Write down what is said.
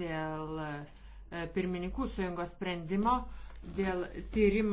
dėl e, pirmininkų sujungos sprendimo, dėl tyrimo